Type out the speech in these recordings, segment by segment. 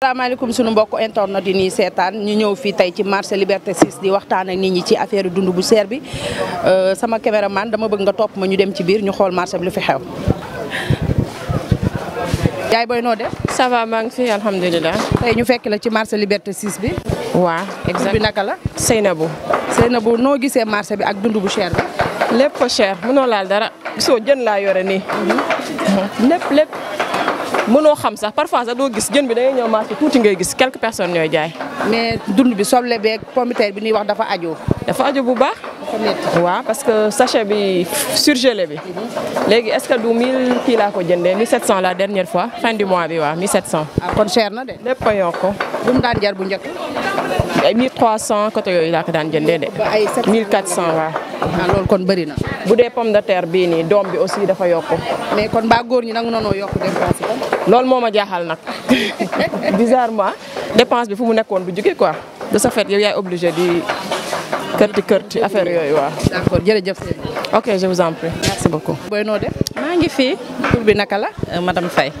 Assalamu alaykum sunu mbokk internet yi nii seetaan ñu ñëw fi tay ci marché Liberté 6 di waxtaan ak nit ñi ci affaire dundu bu ser bi euh sama cameraman dama bëgg nga top ma ñu dem ci biir ñu xol marché bi lu fi xew. yaay boy no def. ça va maa ngi fi alhamdulilah. tay ñu fekk la ci marché Liberté 6 bi. wa exact bi naka la. Seynabou. Seynabou no gisé marché bi ak dundu bu cher bi. lepp ko cher mëno laal dara. so jeun la yoré ni mhm. mhm. lepp lepp mënoo xam sax parfois sax doo gis jën bi da ngay ñëw marché tuuti ngay gis quelques personne ñooy jaay. mais dund bi soble beeg pomiteer bi ñuy wax dafa ajo dafa ajo bu baax. waaw parce que sachet bi surgelé bi. Mhm. léegi est ce que du 1000 kii laa ko jëndee 1700 la dernière fois fin du mois bi waaw 1700. ah kon cher na de. lépp a yokk. bu mu daan jar bu njëkk. ay eh, yooyu laa ko daan jëndee de. ba ay 700 1400 waaw. ah loolu kon bëri na. bu dee pomme de terre bii nii doom bi aussi dafa yokk mais kon baa góor ñi nangu nanoo yokku dépense bi. loolu moo ma jaaxal nag bizarrement dépense bi fu mu nekkoon bu jógee quoi de ce fait yow yaay obligé di kërti affaire yooyu waaw. d'accord jërëjëf. ok je vous en prie. merci beaucoup. booy noo def. maa ngi fii. tur bi naka la. Euh, madame fay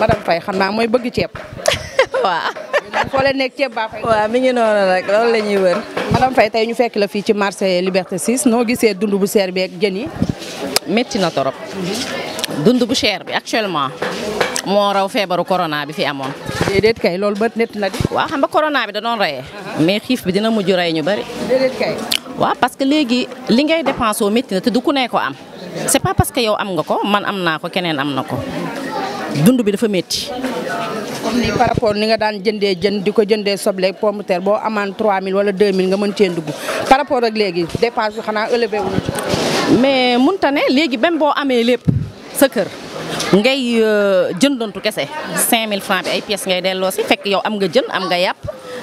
madame Faye xam naa mooy bëgg ceeb. waaw. foo leen nekk ceeb baa fay. waaw ngi noonu rek loolu la ñuy wër. madame Faye tey ñu fekk la fii ci marché Liberté 6 noo gisee dund bu seer bi ak jën yi. métti na torop dund bu cher bi actuellement moo raw feebaru corona bi fi amoon. déedéet kay loolu ba nett na di. waaw xam nga corona bi da doon mais xiif bi dina mujj rey ñu bari. déedéet waaw parce que léegi li ngay dépensé woo métti na te du ku ne ko am. c'est pas parce que yow am nga ko man am naa ko keneen am na ko dund bi dafa métti. ni par rapport ni nga daan jëndee jënd di ko jëndee soble pomme terre boo amaan 3000 wala 2000 nga mën cee dugg par rapport ak léegi dépense bi xanaa élevé wu mais munta léegi même boo amee lépp sa kër ngay euh, jëndantu kese 5000 francs bi ay pièces ngay delloo si fekk yow am nga jën am nga yàpp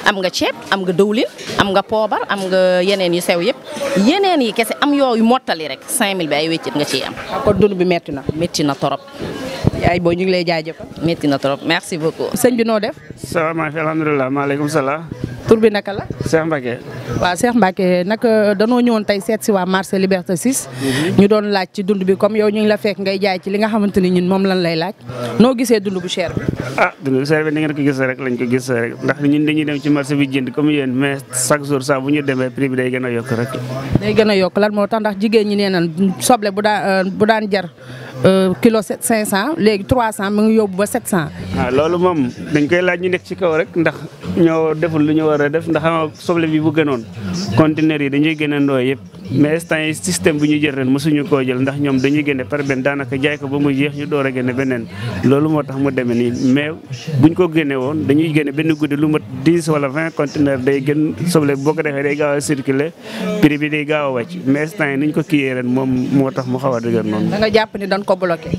am nga ceeb am nga dëwlin am nga poobar am nga yeneen yu sew yëpp yeneen yi kese am yooyu mottali rek 5000 bi ay wéccit nga ciy am. kon dund bi metti na. metti na torop. yaay booy ñu ngi lay jaajëfal. métti na trop merci beaucoup. sëñ bi noo def. salaamaaleykum alhamdulilah maaleykum salaam. tur bi naka la. Cheikh Mbacke. waaw Cheikh Mbacke naka danoo ñëwoon tey seet si waa marché Liberté 6. Mhm. ñu doon laaj ci dund bi comme yow ñu ngi la fekk ngay jaay ci li nga xamante ni ñun moom lan lay laaj. noo gisee dund bu cher bi. ah dund bu cher bi ni ngeen ko gisee rek lañ ko dem ci marché bi jënd comme yéen mais chaque jour saa bu ñu demee prix bi day gën a yokk rek. day gën a moo tax ndax jigéen ñi nee nañ soble bu daan euh, Euh, kilo sept cinq cent léegi trois cent mu ngi yóbbu ba sept cent. waaw ah, loolu moom dañ koy laaj ñu nekk ci kaw rek ndax ñoo deful lu ñu war a def ndax soble bi bu gënoon conteneur yi dañuy gën a ndooy yëpp. mais instant yi système bu ñu jël ren mësuñu ko jël ndax ñom dañuy génne par ben danaka jaay ko ba mu jeex ñu doora a benen beneen loolu moo tax mu démé ni mais buñ ko génne won dañuy génne benn guddi lu mat 10 wala 20 conteneur day gën soble boko défé day gawa circuler prix bi day gawa wacc mais instant yi ñu ko kiyé ren mom moo tax mu xawa a dëgër noonu. da nga japp ni dañ ko bloqué.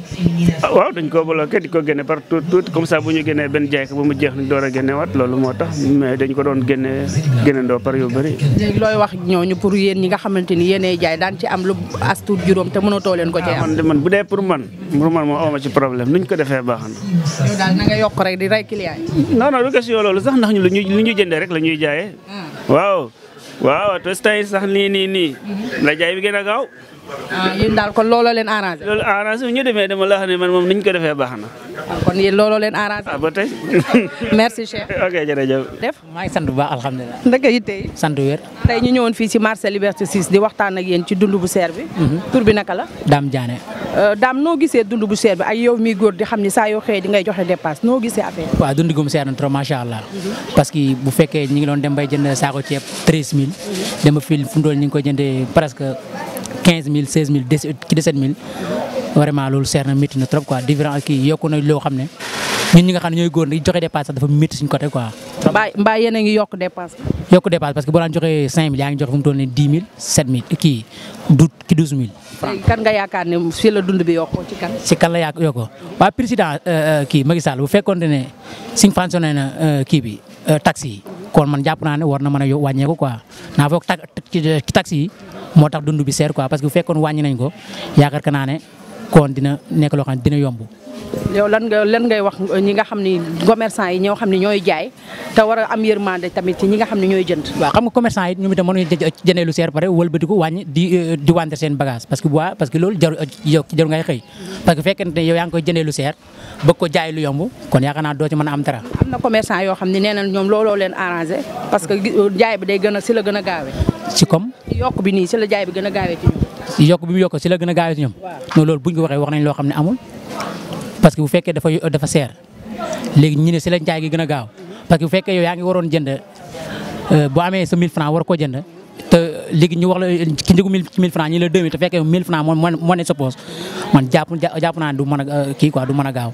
waaw dañ ko bloqué diko ko génne par tout tout comme ça buñu ñu ben jaay ko ba mu jeex ñu doora a wat waat loolu moo tax mais dañ ko doon génne génne ndo par yu bari léegi looy wax ñooñu pour yéen ñi nga xamante ni yéenay jaay daan ci am lu astuut juróom te mënatoo leen ko ci am. Ah, bu dee pour man pour man moom awma ci problème nuñ ko defee baax na. yow yokk rek di rey client yi. non non du question loolu sax ndax ñu lu ñuy lu rek la ñuy jaayee. Ah. waaw waaw te sax nii nii nii mhm. la jaay bi gën a gaaw. ah yéen daal kon looloo leen arrangé. loolu arrangé ñu demee dama la wax ne man moom ni ko defee baax na. Ah, kon yéen looloo leen ah, sant bu baax ñëwoon fii ci marché Liberté 6 di waxtaan ak yéen ci dund bu seer bi. Mhm. tur bi naka la. Dame Diané. Euh, Dame noo gisee dund bu seer bi ak yow miy góor di xam ne saa yoo xëyee di ngay joxe dépasse noo gisee affaire bi. waaw dund gu mu na trop macha allah. parce que bu ñu ngi doon dem bay jënd saako ceeb 13000. Mhm. dama fil fu mu toll ñu ngi ko jëndee presque quinze mille seize mille dix huit dix sept mille vraiment loolu seer na trop quoi différent kii yokku na loo ne ñun ñi nga xam ñooy góor ñi joxe dépense sax dafa métti suñu côté quoi. mbaa a ngi yokk dépense. parce que boo daan cinq mille yaa ngi joxe fu mu dix mille sept mille kii du ki douze mille. kan nga yaakaar ne fii la dund bi yokkoo ci ci kan la yaa yokkoo président euh, euh, kii Macky Sall bu fekkoon ne suñ fonctionné na euh, kii bi taxi kon man jàpp naa ne war a naa moo tax dund bi seer quoi parce que bu fekkoon wàññi ko yaakaar naa ne kon dina nekk loo xam ne dina yomb. yow lan ngay wax ñi nga xam ni commerçant yi ñoo xam ne ñooy a am yërmande tamit ci ñi ñooy jënd waaw xam nga commerçant yi ñoom itam mënuñu euh, a am na commerçant euh, bi day a si la gën a gaawee si comme yokk bi nii si la jaay bi gën a gaawee si a gaawee ci ñoom non loolu buñ ko waxee wax nañ loo xam ne amul que bu fekkee dafa dafa seer léegi ñu ne si la njaay gi gën a gaaw parce que bu fekkee yow yaa ngi waroon jënd euh, boo amee sa 1000 francs war koo jënd te léegi ñu wax la ki njëgu 1000 francs ñi la 2000 te fekkee 1000 francs moo ne sa man jàpp du mën a euh, kii quoi du mën a gaaw.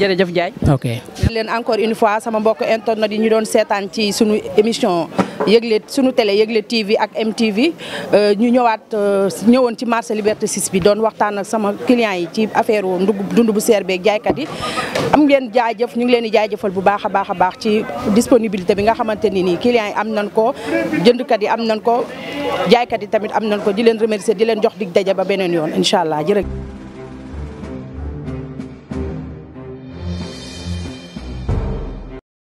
jërëjëf Ndiaye. ok. leen encore une fois sama mbokk internet yi ñu doon seetaan ci sunu émission. yëgle sunu télé yëgle TV ak MTV euh, ñu ñëwaat euh, ñëwoon ci marché Liberté 6 bi doon waxtaan ak sama clients yi ci affaire wu ndugg dund bu seer beeg jaaykat yi am ngeen jaajëf ñu ngi leen di jaajëfal bu baax a baax a baax ci disponibilité bi nga xamante ni nii clients yi am nañ ko jëndkat yi am nañ ko jaaykat yi tamit am nañ ko di leen remercier di leen jox dig daje ba beneen yoon incha allah jërëjëf